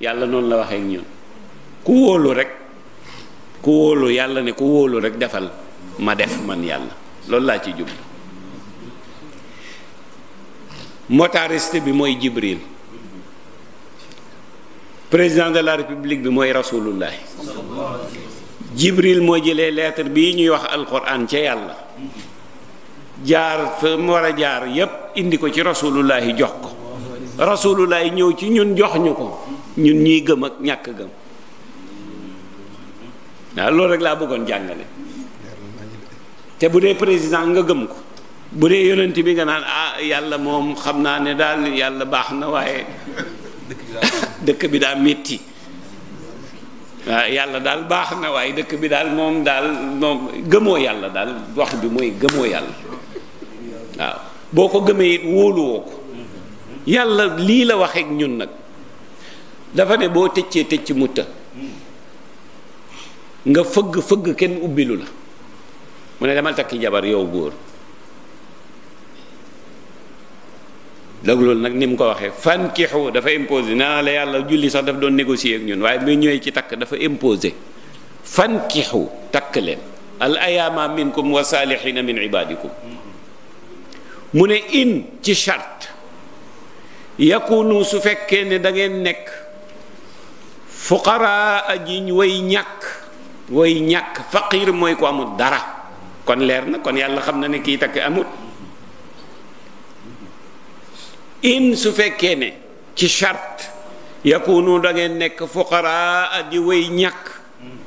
yàlla noonu la waxee ak ñun ku wóolu rek ku wóolu yàlla ne ku wóolu rek defal ma def man yàlla loolu laa ci jublu motariste bi mooy Jibril président de la république bi mooy rasulullah Jibril mooy jëlee lettre bii ñuy wax alquran ca yàlla jaar fa mu war a jaar yépp indi ko ci rasulullahi jox ko rasulullahi ñëw ci ñun jox ñu ko ñun ñuy gëm ak ñàkk gëm waaw loolu rek laa bëggoon jàngale te bu dee président nga gëm ko bu dee yonent bi nga naan ah yàlla moom xam naa ne daal yàlla baax na waaye dëkk bi daal metti waaw ah, yàlla daal baax na waaye dëkk bi daal moom daal moom gëmoo yàlla daal wax bi mooy gëmoo yàlla waaw boo ko gëmee it wóoluwoo ko yàlla lii la waxeek ñun nag dafa ne boo tëccee tëcc mu të nga fëgg fëgg kenn ubbilu la mu ne demal takki jabar yow góor loolu nag ni mu ko waxee fan kiixu dafa imposé naa la yàlla julli sax daf doon négocier ak ñun waaye muy ñëwee ci takk dafa imposé fan kiixu takk leen al ayaama minkum wa saalihina min ibadikum mu ne in ci charte yakunu su fekkee ne dangeen nekk fuqaraa jiñ woy ñàkk woy ñàkk faqiir mooy ko amul dara kon leer na kon yàlla xam na ne kii takk amut in su fekkee ne ci charte yakunu da nekk fuqaraa di way ñàkk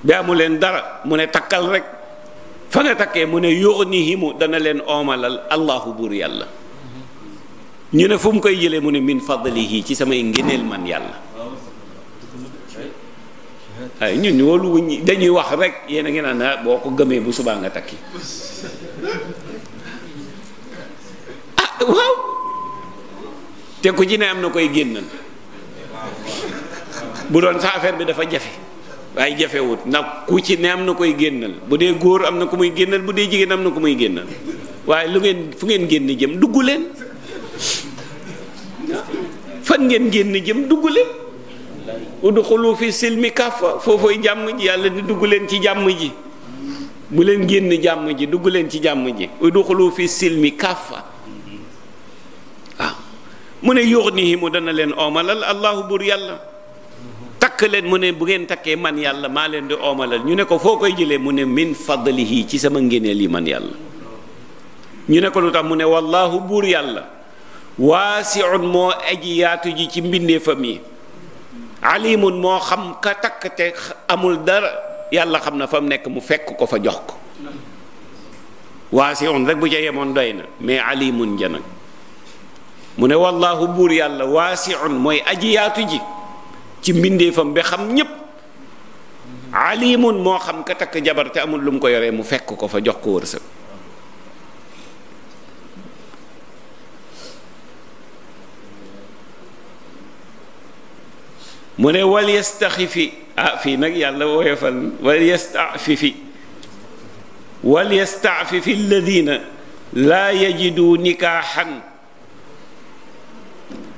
bi amuleen dara mu ne takkal rek fa nga takkee mu ne yughnihimu dana leen oomalal allahu buur yàlla ñu ne fu mu koy jëlee mu ne min fadlihi ci samay ngëneel man yàlla waaye ñun loolu wuñu dañuy wax rek yéen a ngi naan ah, boo ko gëmee bu subaa nga takki ah waaw te ku ci ne am na koy génnal bu doon sa affaire bi dafa jafe waaye jafewut ndax ku ci ne am na koy génnal bu dee góor am na ku muy génnal bu dee jigéen am na ku muy génnal waaye lu ngeen fu ngeen génn jëm dugg leen fan ngeen génn jëm dugg leen udxulu fi silmi kaffa foofooy jàmm ji yàlla di dugg leen ci jàmm ji bu leen génn jàmm ji dugg leen ci jàmm ji udxulu fi silmi kaffa mu ne yuux nii mu dana leen oomalal allahu buur yàlla takk leen mu ne bu ngeen takkee man yàlla maa leen di oomalal ñu ne ko foo koy jëlee mu ne min fadlihi ci sama ngéneel yi man yàlla ñu ne ko lu tax mu ne wallaahu buur yàlla waasiun moo aji ji ci mbindeefam yi alimun moo xam ka takk te amul dara yàlla xam na fa mu nekk mu fekk ko fa jox ko waasiun rek bu ca yemoon doy na mais alimun ja nag mu ne wallaahu buur yàlla waasiun mooy aji ji ci mbindeefam bi xam ñépp alimun moo xam ka takk jabar te amul lu mu ko yoree mu fekk ko fa jox ko wërsëg mu ne wal yastaxifi ah fii nag yàlla woyofal wal yastafifi wal yastafifi alladina laa yajidu nikaaxan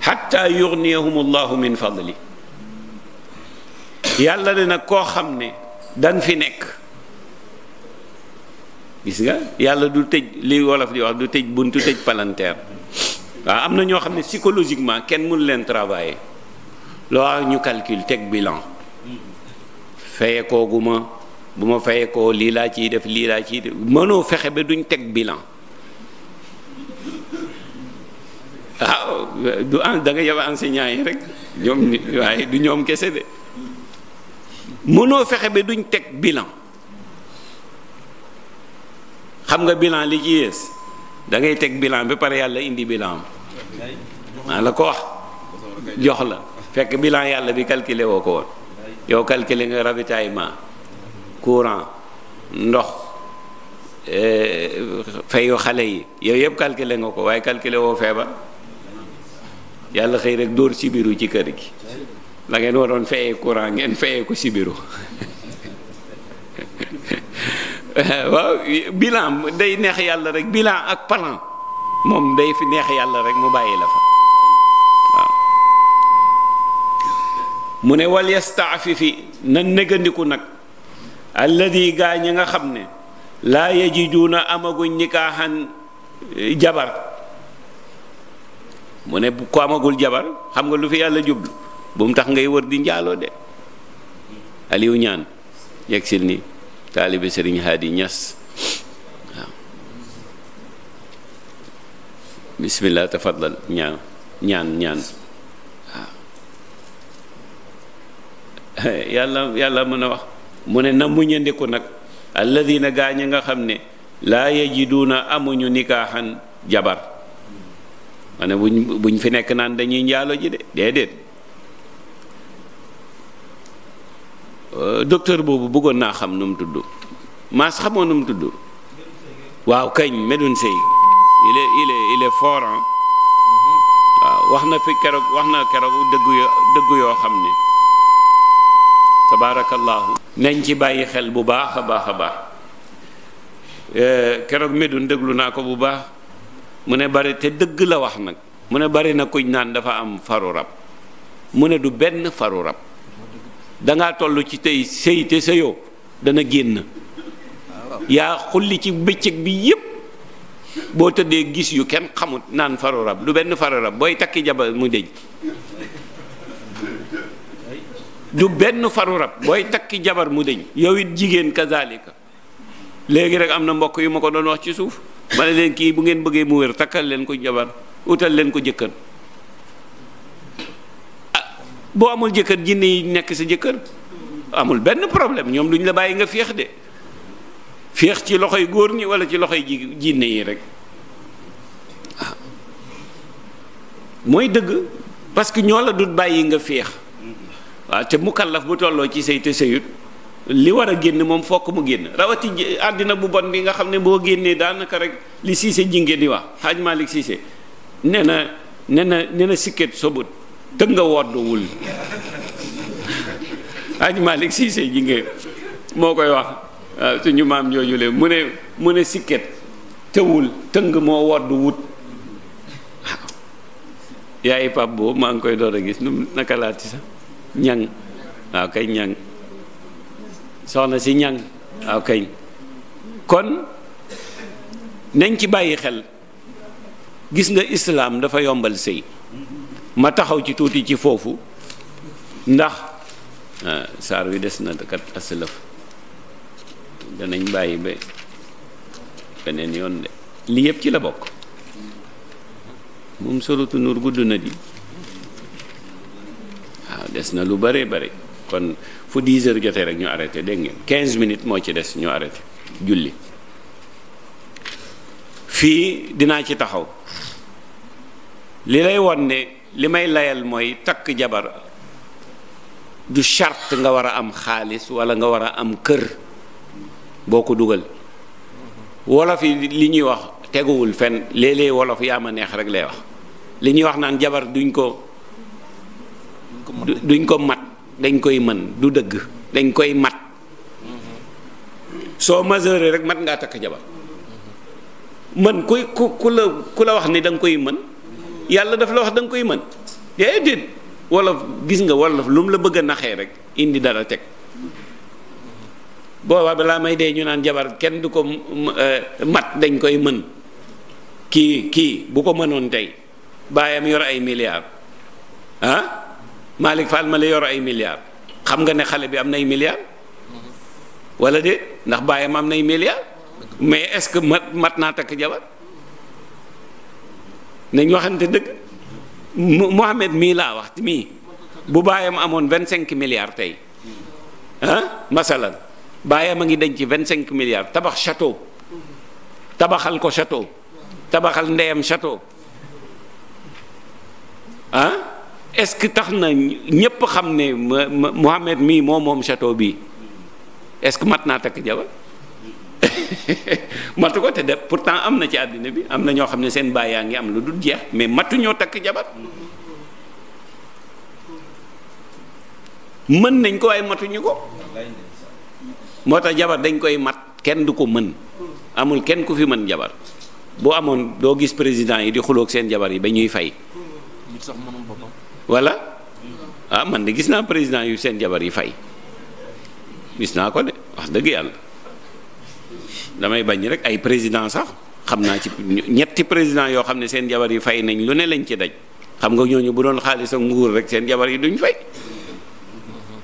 xatta yugniyahum allahu min fadli yàlla ne nag koo xam ne dan fi nekk gis nga yàlla du tëj li wolof di wax du tëj buntu tëj palanteer waaw am na ñoo xam ne psychologiquement kenn mënu leen travailler loo ñu calcul teg bilan fayekoo gu ma bu ma fayekoo lii laa ciy def lii laa ciy def mënoo fexe ba duñ teg bilan waaw ah, du da nga yaba enseignant yi rek ñoom waaye du ñoom kese de mënoo fexe ba duñ teg bilan xam nga bilan li ci yées da teg bilan ba pare yàlla indi bilan am maa la ko wax jox la fekk bilan yàlla bi calculer woo ko woon yow calculer nga ravitaillement courant ndox eh, fayu xale yi yow yëpp calculer nga ko waaye calculer woo feebar yàlla xëy rek dóor sibiru ci kër gi la ngeen waroon fayee courant ngeen fayee ko sibiru waaw bilan day neex yàlla rek bilan ak plan moom day fi neex yàlla rek mu bàyyi la fa mu ne wal fi na négandiku nag alladi gaa ñi nga xam ne laa na amaguñ nikaaxan eh, jabar mu ne ko amagul jabar xam nga lu fi yàlla jublu bu mu tax ngay wër di njaaloo de aliou ñaan yegsil ni taalibe sëriñ haadi ñas waaw bismillah tafaddal ñaan ñaan yàlla yàlla mën a wax mu ne na muñandiku nag alladina gaa ñi nga xam ne laa yajiduuna amuñu nikaaxan jabar ma ne buñ fi nekk naan dañuy njaalo ji de déedéet docteur boobu bëggoon naa xam nu mu tudd maas xamoo nu mu tudd waaw kañ Medoune Seye il est il est mhm. waaw wax na fi keroog wax na keroog dëgg yoo yoo xam ne tabaarakallaahu nañ ci bàyyi xel bu baax a baax a baax euh, keroog medun déglu naa ko bu baax mu ne bari te dëgg la wax nag mu ne bari na kuñ naan dafa am faru rab mu ne du benn faru rab dangaa toll ci tey sëy te sëyoo dana génn yaa xulli ci bëccëg bi yépp boo tëddee gis yu kenn xamut naan faru rab du benn faru rab booy takki jabar mu dëj du benn faru rab booy takki jabar mu dëñ yow it jigéen kazalika léegi rek am na mbokk yu ma ko doon wax ci suuf ma leen kii bu ngeen bëggee mu wér takkal leen ko jabar utal leen ko jëkkër ah boo amul jëkkër jinne yi nekk sa jëkkër amul benn problème ñoom duñ la bàyyi nga feex de feex ci loxoy góor ñi wala ci loxoy ji jinne yi rek ah. mooy dëgg parce que ñoo la du bàyyi nga féex waaw te mukallaf bu tolloo ci sëy te sëyut li war a génn moom fokk mu génn rawati àddina bu bon bi nga xam ne boo génnee daanaka rek li siise jingé di wax xaaj Malick siise nee na nee na nee nga wodduwul xaaj Malick siise jingé moo koy wax suñu maam jooju le mu ne mu ne sikket tëwul tëng moo woddu wut yaayi pap boobu maa ngi koy door a gis nu naka laati sax ñang waaw kañ ñang soxna si ñang waaw kañ kon nañ ci bàyyi xel gis nga islaam dafa yombal sëy ma taxaw ci tuuti ci foofu ndax ah, saar wi des na kat aslëf danañ bàyyi ba beneen yoon de li yëpp ci la bokk moom suratu nuur gudd na di des na lu bëree bëri kon fu 10 heures jotee rek ñu arrêté dégg ngeen 15 minutes moo ci des ñu arrêté julli fii dinaa ci taxaw li lay won ne li may layal mooy takk jabar du charte nga war a am xaalis wala nga war a am kër boo ko dugal wolof yi li ñuy wax teguwul fenn léeg-léeg wolof yaa ma neex rek lay wax li ñuy wax naan jabar duñ ko duñ ko mat dañ koy mën du dëgg dañ koy mat soo majeure rek mat ngaa takk jabar mën kuy ku ku la ku la wax ni danga koy mën yàlla daf la wax danga koy mën déedéet wolof gis nga wolof lu mu la bëgg a naxee rek indi dara teg booba balaa may dee ñu naan jabar kenn du ko eh, mat dañ koy mën kii kii bu ko mënoon tey baayam yor ay milliards ah Malick Fall ma la yor ay milliards xam nga ne xale bi am nay milliards wala de ndax bàyyam am nay milliards mais est-ce que mat mat naa takk jabar nañ waxante dëgg Mohamed mii laa wax mii bu bàyyam amoon vingt cinq milliards tey ah masalan bàyyam a ngi denc vingt cinq milliards tabax château tabaxal ko château tabaxal ndeyam château ah est-ce que tax na ñépp xam ne Mouhamed mii moo moom château bii est-ce que mat naa takk jabar matu ko te de pourtant am na ci àddina bi am na ñoo xam ne seen baay yaa ngi am lu dul jeex mais matu takk jabar mën nañ ko waaye matuñu ko moo tax jabar dañ koy mat kenn du ko mën amul kenn ku fi mën jabar boo amoon doo gis président yi di xuloog seen jabar yi ba ñuy fay nit sax wala ah man de gis naa président yu seen jabar yi fay gis naa ko de wax dëgg yàlla damay bañ rek ay président sax xam naa ci ñetti président yoo xam ne seen jabar yi fay nañ lu ne lañ ci daj xam nga ñooñu bu doon xaalisa ak nguur rek seen jabar yi duñ fay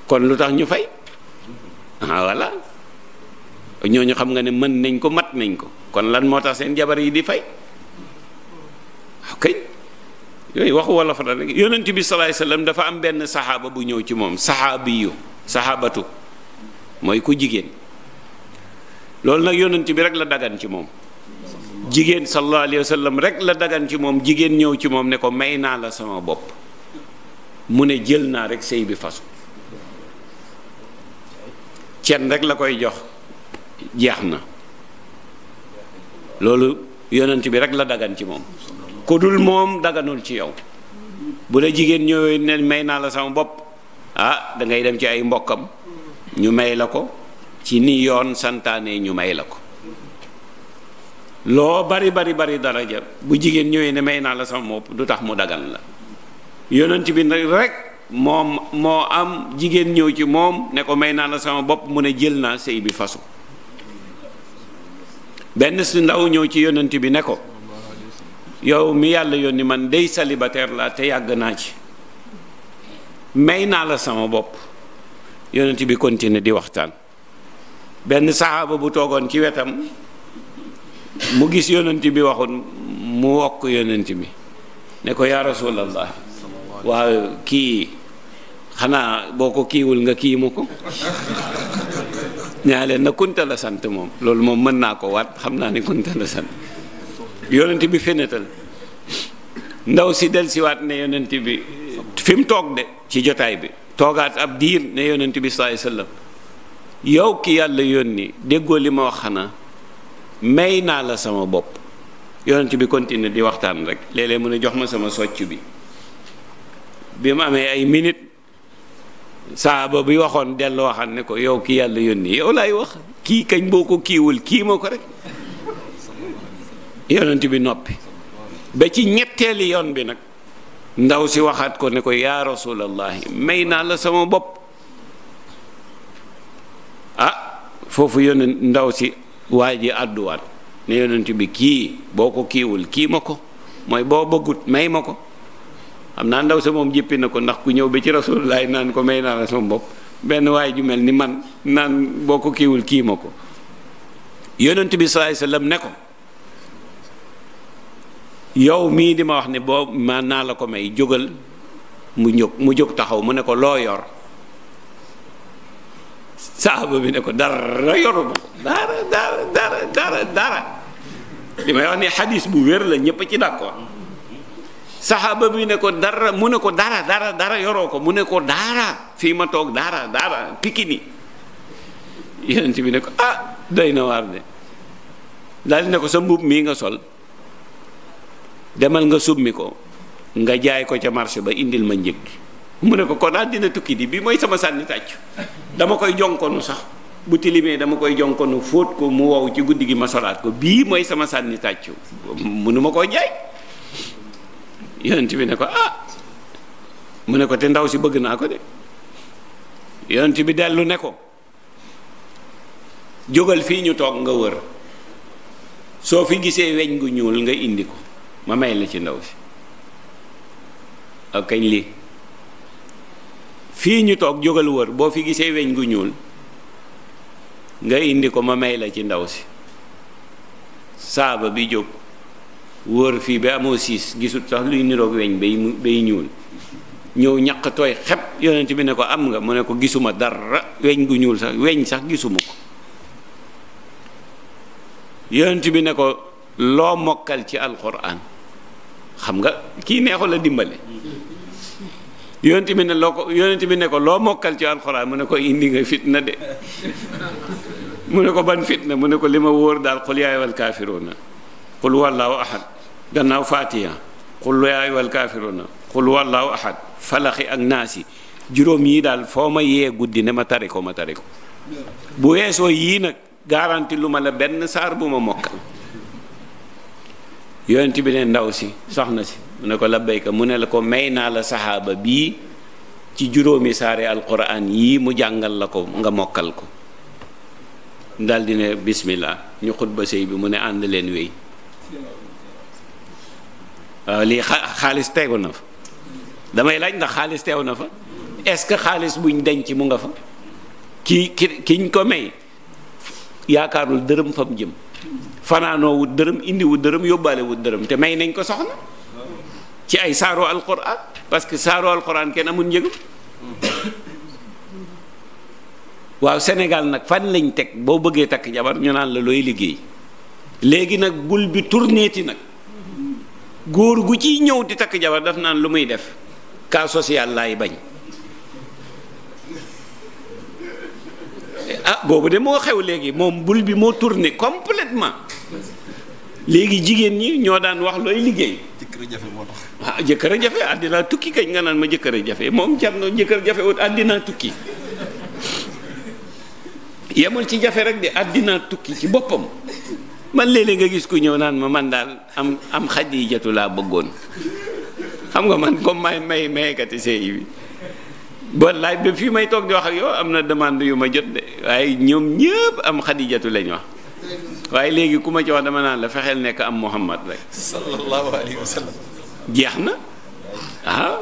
kon lu tax ñu fay ah voilà ñooñu xam nga ne mën nañ ko mat nañ ko kon lan moo tax seen jabar yi di fay ok. Ah, yooyu waxu wala fa rek yonent bi salaay sallam dafa am benn saxaaba bu ñëw ci moom saxaabiyu saxaabatu mooy ku jigéen loolu nag yonent bi rek la daggan ci moom jigéen sallallahu alayhi rek la dagan moom jigéen ñëw ci moom ne ko may naa la sama bopp mu ne jël naa rek sëy bi fasu cen rek la koy jox jeex na loolu yonent bi rek la daggan ci moom ku dul moom daganul ci yow bu la jigéen ñëwee ne may naa la sama bopp ah dangay dem ci ay mbokkam ñu may la ko ci ni yoon santaane ñu may la ko loo bari bari bari daraja bu jigéen ñëwee ne may naa la sama bopp du tax mu dagan la yonent bi nag rek moom moo am jigéen ñëw ci moom ne ko may naa la sama bopp mu ne jël naa sëy bi fasu benn si ndaw ñëw ci yonent bi ne ko yow mi yàlla ni man dey célibataire laa te yàgg naa ci may naa la sama bopp yonent bi continuer di waxtaan benn saxaaba bu toogoon ci wetam mu gis yonent bi waxut mu wokk yonent bi ne ko yaa rasulallah waaw kii xanaa boo ko kiiwul nga kii ma ko ñaaleen na kunta la sant moom loolu moom mën naa ko waat xam naa ne kunta la sant yonent bi fenetal ndaw si delsiwaat ne yonent bi fi mu toog de ci jotaay bi toogaat ab diir ne yonent bi sallallahu alayhi wasallam yow ki yàlla yónni déggoo li ma wax may naa la sama bopp yonent bi continue di waxtaan rek léeg-léeg mu jox ma sama socc bi bi mu amee ay minute saaba bi waxoon dellu waxaat ne ko yow ki yàlla yoon yónni yow laay wax kii kañ boo ko kiiwul kii ma ko rek yonent bi noppi ba ci ñetteeli yoon bi nag ndaw si waxaat ko ne ko yaa rasulallahi may naa la sama bopp a ah, foofu yonent ndaw si waa ji àdduwaat ne yonent bi kii boo ko kiiwul kii ma ko mooy boo bëggut may ma ko xam naa ndaw sa moom jéppi na ko ndax ku ñëw ba ci naan ko may naa la sama bopp benn waay ju mel ni man naan boo ko kiiwul kii ma ko yonent bi sallallahu alayhi ne ko yow mii di ma wax ni boo ma naa la ko may jógal mu jóg mu jóg taxaw mu ne ko loo yor saaba bi ne ko dara yoruma dara dara dara dara dara li may wax ni xadis bu wér la ñépp ci d'accord saxaaba bi ne ko dara mu ne ko dara dara dara yoroo ko mu ne ko dara fii ma toog dara dara pikini yeneen bi ne ko ah doy na waar de daal ne ko sa mbubb mii nga sol demal nga summi ko nga jaay ko ca marché ba indil ma njëg mu ne ko kon àddina tukki di bii mooy sama sànni tàcc dama koy jonkonu sax bu tilimee dama koy jonkonu fóot ko mu wow ci guddi gi ma solaat ko bii mooy sama sànni tàcc mënuma koo jaay yonent bi ne ko ah mu ne ko te ndaw si bëgg naa ko de yonent bi dellu ne ko jógal fii ñu toog nga wër soo fi gisee weñ gu ñuul nga indi ko ma may la ci ndaw si ak kañ li fii ñu toog jógal wër boo fi gisee weñ gu ñuul nga indi ko ma may la ci ndaw si saaba bi jóg wër fii ba amoo siis gisul sax luy niroog weñ bay bay ñuul ñëw ñaq tooy xepp yonent bi ne ko am nga mu ne ko gisuma dara weñ gu ñuul sax weñ sax gisuma ko yonent bi ne ko loo mokkal ci alxuraan xam nga kii neexul a dimbale yonent bi ne loo ko yonent bi ne ko loo mokkal ci alxuraan mu ne ko indi nga fitna de mu ne ko ban fitna mu ne ko li ma wóor daal xul yaay wal kaafiruuna xul wallaahu ahad falaxi ak naasi juróom yii daal foo ma yee guddi ne ma tariko ko ma tari ko bu weesoo yii nag garanti lu ma la benn saar bu ma mokkal yonent bi ne ndaw si soxna si mu ne ko labbayka mu ne la ko may naa la saxaaba bii ci juróomi saare alquran yii mu jàngal la ko nga mokkal ko daldi ne bismillah ñu xutba sëy bi mu ne ànd leen wéy waaw lii xaalis tegu na fa damay laaj ndax xaalis teew na fa est-ce que xaalis buñ denc mu nga fa ki ki kiñ ko may yaakaarul dërëm fam jëm fanaanoo wut dërëm indi wut dërëm yóbbaale wut dërëm te may nañ ko soxna ci ay saaro alquran parce que saaro alquran kenn amul njëgam waaw senegal nag fan lañ teg boo bëggee takk jabar ñu naan la looy liggéey léegi nag bul bi tourneeti nag góor gu ci ñëw di takk jabar daf naan lu muy def cas social laay bañ ah boobu de moo xew léegi moom bul bi moo tourné complètement léegi jigéen ñi ñoo daan wax looy liggéey. jëkkër jafe moo tax. ah jëkkër jafe àddina tukki kañ nga naan ma jëkkër jafe moom jar na jëkkër jafe wut àddina tukki yemul ci jafe rek di àddina tukki ci boppam man léeg nga gis ku ñëw naan ma man daal am am xaj yi jatu laa bëggoon xam nga man comme may may maykati sey bi. wallaay ba fii may toog di wax ak yow am na demande yu ma jot de waaye ñoom ñëpp am xadijatu lañ wax waaye léegi ku ma ci wax dama naan la fexeel nekk am muhammad rek. sallallahu jeex na waaw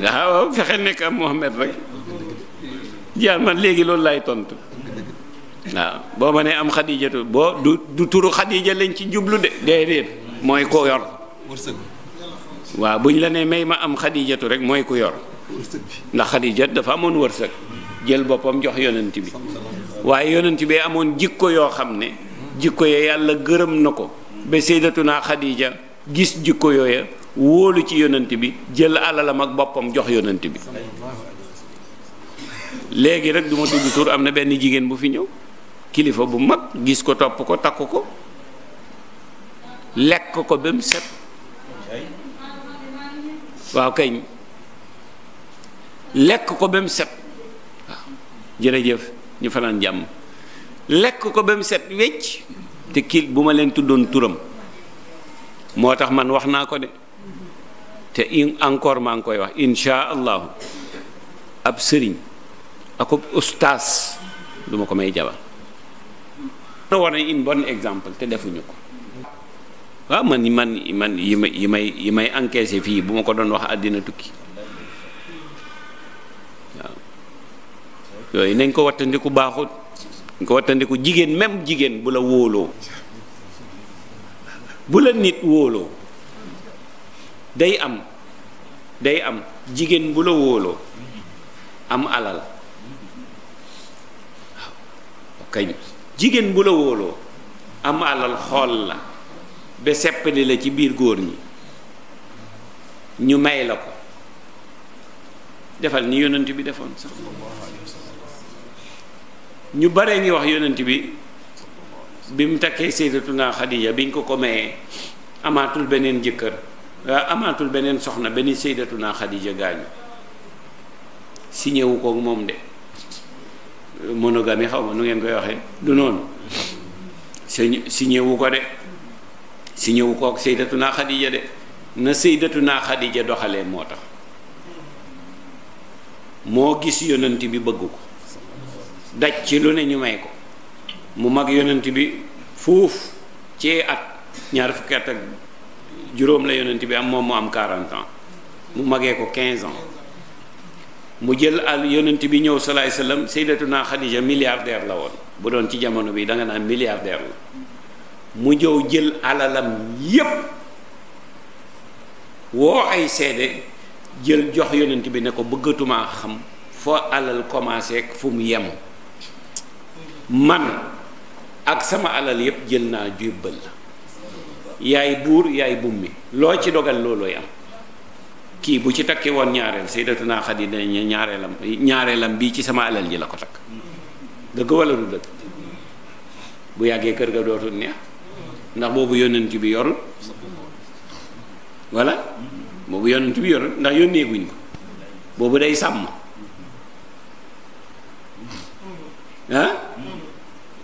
waaw fexeel nekk am rek jeex man léegi loolu laay tontu waaw boo ma nee am xadijatu boo du du turu xadija lañ ci jublu de déedéet mooy ko yor. waaw bu ñu la nee may ma am xadijatu rek mooy ko yor. ndax Xadija dafa amoon wërsëg jël boppam jox yonent bi waaye yonent bi amoon jikko yoo xam ne jikko ye yàlla gërëm na ko ba Sayyidatuna Xadija gis jikko yooya wóolu ci yonent bi jël alalam ak boppam jox yonent bi léegi rek du ma tudd am na benn jigéen bu fi ñëw kilifa bu mag gis ko topp ko takk ko lekk ko ba mu set waaw kañ lekk ko ba mu set waaw jërëjëf ñu fanaan jàmm lekk ko ba mu set wecc te kii bu ma leen tuddoon turam moo tax man wax naa ko de te encore maa ngi koy wax insha allahu ab sëriñ ak ab ustaas du ko may jabar na war nañ une bonne exemple te defuñu ko waaw man man man yi may yi may yi may encaissé fii bu ma ko doon wax àddina tukki yooyu nañ ko wattandiku baaxut nañ ko wattandiku jigéen même jigéen bu la wóoloo bu la nit wóoloo day am day am jigéen bu la wóoloo am alal kañ jigéen bu la wóoloo xool la ba seppali la ci biir góor ñi ñu may la ko defal ni yonent bi defoon ñu bare ngi wax yonant bi bi mu takkee sayyidatuna Xadiija biñ ko ko mayee amaatul beneen jëkkër euh, amaatul beneen soxna benn sayyidatuna Xadiija gaañu siñewu koog moom de monogamie xaw ma nu ngeen koy waxee du noonu siñewu ko de siñewu koog sayyidatuna Xadiija de na sayyidatuna Xadiija doxalee moo tax moo gis yonant bi bëgg ko daj ci lu ne ñu may ko mu mag yonent bi fuuf ci at ñaar fukki at ak juróom la yonent bi am moom mu am 40 an mu magee ko 15 ans mu jël al yonent bi ñëw salaay sallam sayyidatuna Xadija milliardaire la woon bu doon ci jamono bi danga nga naan milliardaire la mu jëw jël alalam yépp woo ay seede jël jox yonent bi ne ko bëggatuma xam foo alal commencé fu mu yem man ak sama alal yépp jël naa jubbal la yaay buur yaay bummi loo ci dogal loolooy am kii bu ci takki woon ñaareel sayyidatuna Xadiija dinañ ñaareelam ñaareelam bii ci sama alal ji la ko takk dëgg wala du dëgg bu yàggee kër ga dootul neex ndax boobu yonent bi yorul voilà boobu yonent bi yorul ndax yónneeguñ ko boobu day sàmm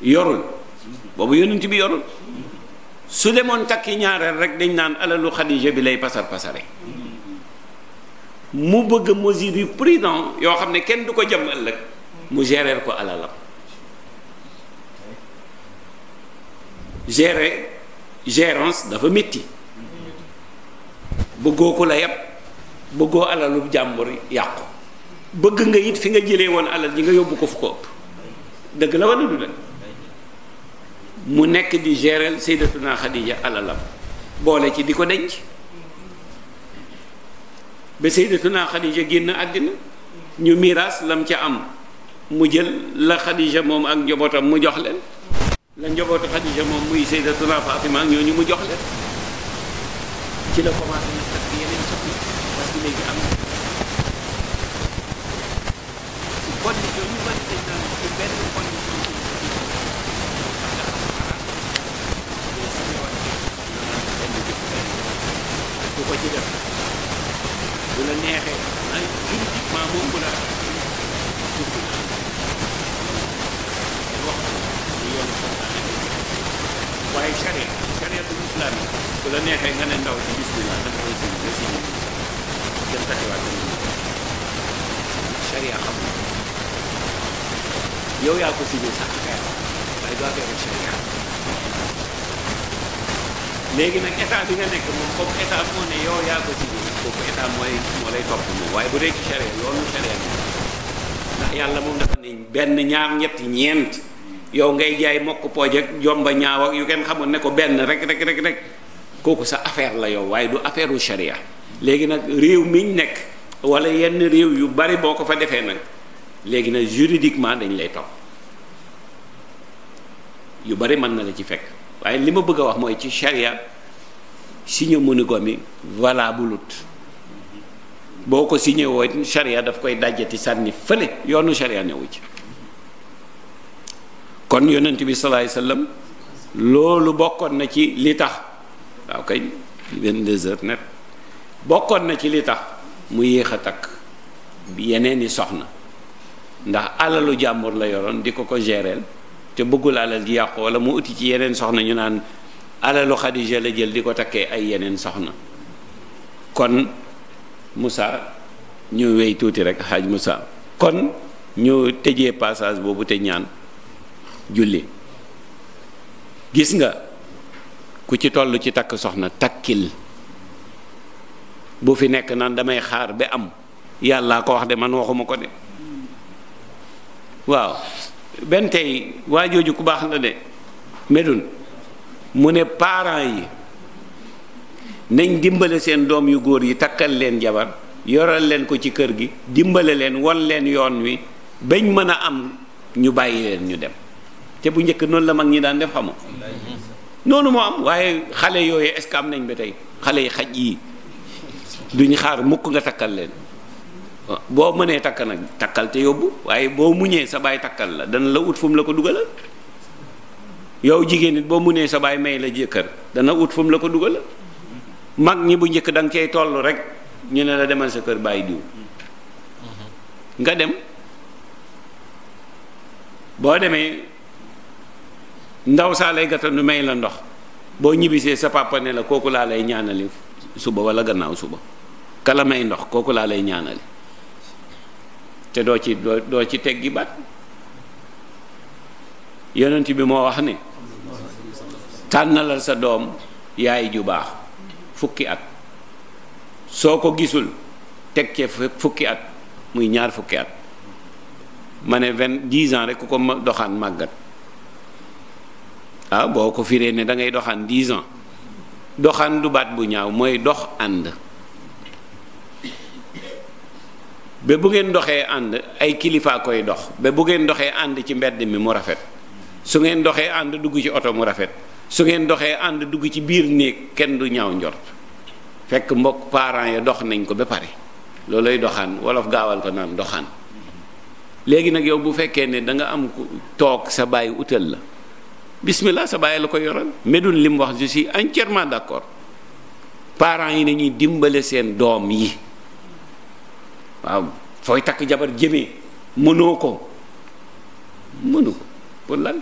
yorul boobu yonent bi yorul su demoon takk yi ñaareel rek dañ naan alalu Xadija bi lay pasar pasare mu bëgg mesures yu prudent yoo xam ne kenn du ko jam ëllëg mu gérer ko alalam gérer gérance dafa metti bëggoo ko la yàpp bëggoo alalu jàmbur yàqu bëgg nga yit fi nga jëlee woon alal ji nga yóbbu ko fu ko ëpp dëgg la wala du dëgg mu nekk di gérer Sayyidatuna Khadija alalam boole ci di ko denc ba Sayyidatuna Khadija génn àddina ñu miraas lam ca am mu jël la Khadija moom ak njobootam mu jox leen la njobootu Khadija moom muy Sayyidatuna Fatima ak ñooñu mu jox leen ci ñu bari dañ ko ci def bu la neexee ay juridiquement moom wax lu yoon waaye charia charia bu islam yi bu la neexee nga ne ndaw si bismillah dafa koy jël nga si ñëw dem taxiwaat charia xam yow yaa ko signé sax affaire waaye du affaire charia léegi nag état bi nga nekk moom comme état moo ne yow yaa ko signé kooku état mooy moo lay topp moom waaye bu dee ci charia loolu charia ndax yàlla moom dafa ne benn ñaar ñetti ñeent yow ngay jaay mokk pooj ak jomba ñaaw yu kenn xamul ne ko benn rek rek rek kooku sa affaire la yow waaye du affaire u charia léegi nag réew miñ nekk wala yenn réew yu bari boo ko fa defee nag léegi nag juridiquement dañ lay topp yu bari mën na la ci fekk waaye li ma bëgg a wax mooy ci charia signé monogamie valablut boo ko signé woo charia daf koy dajjati sànni fële yoonu charia newu ci kon yonent bi salaay sallam loolu bokkoon na ci li tax waaw kay vingt net bokkoon na ci li tax mu yéex a takk yeneen i soxna ndax alalu jàmbur la yoroon di ko ko géreel te bëggul alal ji yàqu wala mu uti ci yeneen soxna ñu naan alalu Xadija la jël di ko takkee ay yeneen soxna kon musaa ñu wey tuuti rek xaaj Moussa kon ñu tëjee passage boobu te ñaan julli gis nga ku ci toll ci takk soxna takkil bu fi nekk naan damay xaar ba am yàllaa ko wax de man waxuma ko de waaw benn tey waa jooju ku baax na de medun mu ne parents yi nañ dimbale seen doom yu góor yi takkal leen jabar yoral leen ko ci kër gi dimbale leen won leen yoon wi bañ mën a am ñu bàyyi leen ñu dem te bu njëkk noonu la mag ñi daan def xamu noonu moo am waaye xale yooyu est nañ ba tey xale yi xaj yi duñ xaar mukk nga takkal leen boo mënee takk nag takkal te yóbbu waaye boo muñee sa baay takkal la dana la ut fu la ko dugalal yow jigéen it boo munee sa baay may la jëkkër dana ut fu la ko dugalal mag ñi bu njëkk danga nga tollu rek ñu ne la demal sa kër bàyyi diw nga dem boo demee ndaw saa lay gàttandu may la ndox boo ñibbisee sa papa la kooku laa lay ñaanali suba wala gannaaw suba kala may ndox kooku laa lay ñaanali te doo ci doo doo ci teggi baat yonent bi moo wax ne tànnalal sa doom yaay ju baax fukki at soo ko gisul teg ca fukki at muy ñaar fukki at ma ne vint dix ans rek ku ko doxaan màggat ah boo ko firee ne dangay doxaan dix ans doxaan du baat bu ñaaw mooy dox ànd ba bu ngeen doxee ànd ay kilifaa koy dox ba bu ngeen doxee ànd ci mbedd mi mu rafet su ngeen doxee ànd dugg ci oto mu rafet su ngeen doxee ànd dugg ci biir néeg kenn du ñaaw njort fekk mbokk parents ya dox nañ ko ba pare loolay doxaan wolof gaawal ko naan doxaan léegi nag yow bu fekkee ne da nga am toog sa bàyyi utal la bismillah sa bàyyi la ko yoral medun li mu wax je suis entièrement d'accord parents yi nañuy dimbale seen doom yi waaw fooy takk jabar jëmee mënoo ko mënu ko pour lan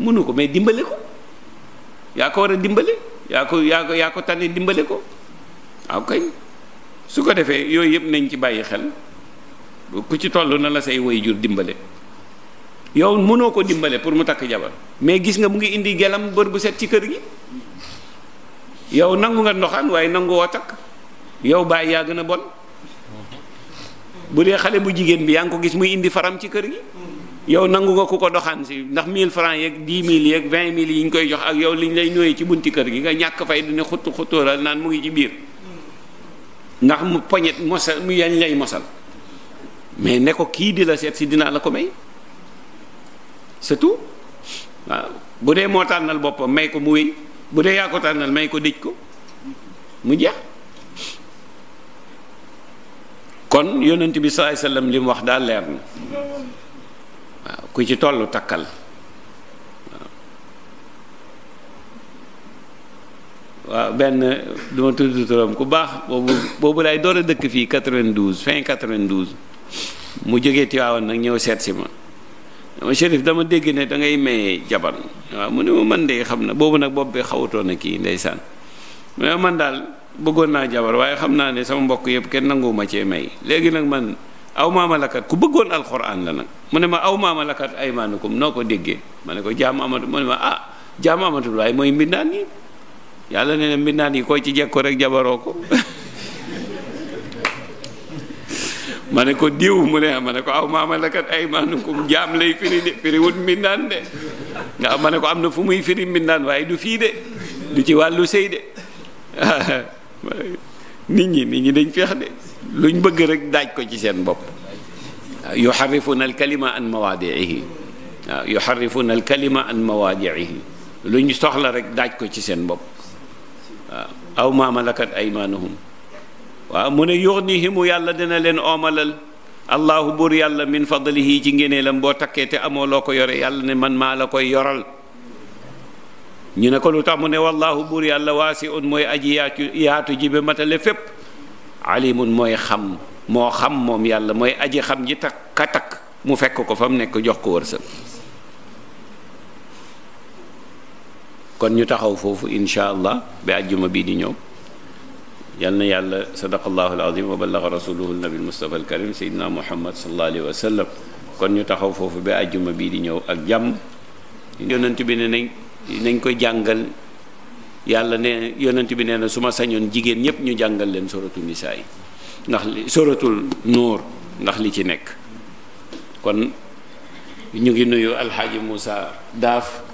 mënu ko mais dimbale ko yaa ko war a dimbale yaa ko yaa ko yaa dimbale ko waaw kay su ko defee yooyu yëpp nañ ci bàyyi xel ku ci toll na la say woy waajur dimbale yow mënoo ko dimbale pour mu takk jabar mais gis nga mu ngi indi gelam bër bu set ci kër gi yow nangu nga ndoxaan waaye nangu woo takk yow bàyyi yaa gën a bon bu dee xale bu jigéen bi yaa ngi ko gis muy indi faram ci kër gi yow nangu nga ku ko doxaan si ndax 1000 francs yeeg 10 mil yeeg vingt 000 yi ñu koy jox ak yow liñ lay ñëwee ci bunti kër gi nga ñàkk fay dina xuttu xuttóoral naan mu ngi ci biir ndax mu poñet mosal mu yañ lay mosal mais ne ko kii di la seet si dinaa la ko may c'est tout waaw bu dee moo tànnal boppam may ko mu wéy bu dee yaa ko tànnal may ko dëj ko mu jeex kon yonent bi salaay sallam li mu wax daal leer na waaw ku ci tollu takkal waaw benn du ma ku baax boobu boobu lay door a dëkk fii 92 fin 92 mu jógee Tiwaawan nag ñëw seet si ma dama Chérif dama dégg ne da maye jabar waaw mu ne ma man de xam na boobu nag bopp bi xawutoon na kii ndeysaan mu ne man daal. bëggoon naa jabar waaye xam naa ne sama mbokk yëpp kenn nanguwuma cee may léegi nag man aw maama ku bëggoon alxuraan la nag mu ne ma aw maama ay maanukum noo déggee ma ko jaam ma ah jaam amatul waaye yàlla nee na mbindaan yi ci jekko rek jabaroo ko ne ko diw mu ma ne ko aw ay maanukum jaam lay firiwut mbindaan de nga ma ne ko am na fu muy firi mbindaan waaye du fii de du ci wàllu sëy de nit ñi nit ñi dañ feex de luñ bëgg rek daaj ko ci seen bopp yuharrifuna alkalima an mawaadi'ihi waaw ah, yuharrifuna alkalima an mawaadi'ihi luñ soxla rek daaj ko ci seen bopp waaw ah, aw ma malakat aymanuhum waaw mu ne yàlla dina leen oomalal allahu yàlla min fadlihi ci ngéneelam boo takkee te amoo loo yore yàlla ne man maa la koy yoral ñu ne ko lu tax ne wallaahu buur yàlla waasi un mooy aji yaatu yaatu ji matale fépp alimun mooy xam moo xam moom yàlla mooy aji xam ji takk takk mu fekk ko fa mu nekk jox ko wërsëg kon ñu taxaw foofu insha allah ba àjjuma bii di ñëw yal na yàlla sadaqallahu alazim wa ballaga rasuluhu nabi almustafa alkarim sayidina muhammad sallallahu alayhi wa sallam kon ñu taxaw foofu ba àjjuma bii di ñëw ak jàmm yonent bi ne nañ nañ koy jàngal yàlla ne yonant bi nee na su ma sañoon jigéen ñëpp ñu jàngal leen suratul nisaa yi ndax li suratul ndax li ci nekk kon ñu ngi nuyu alxaaji Moussa Daaf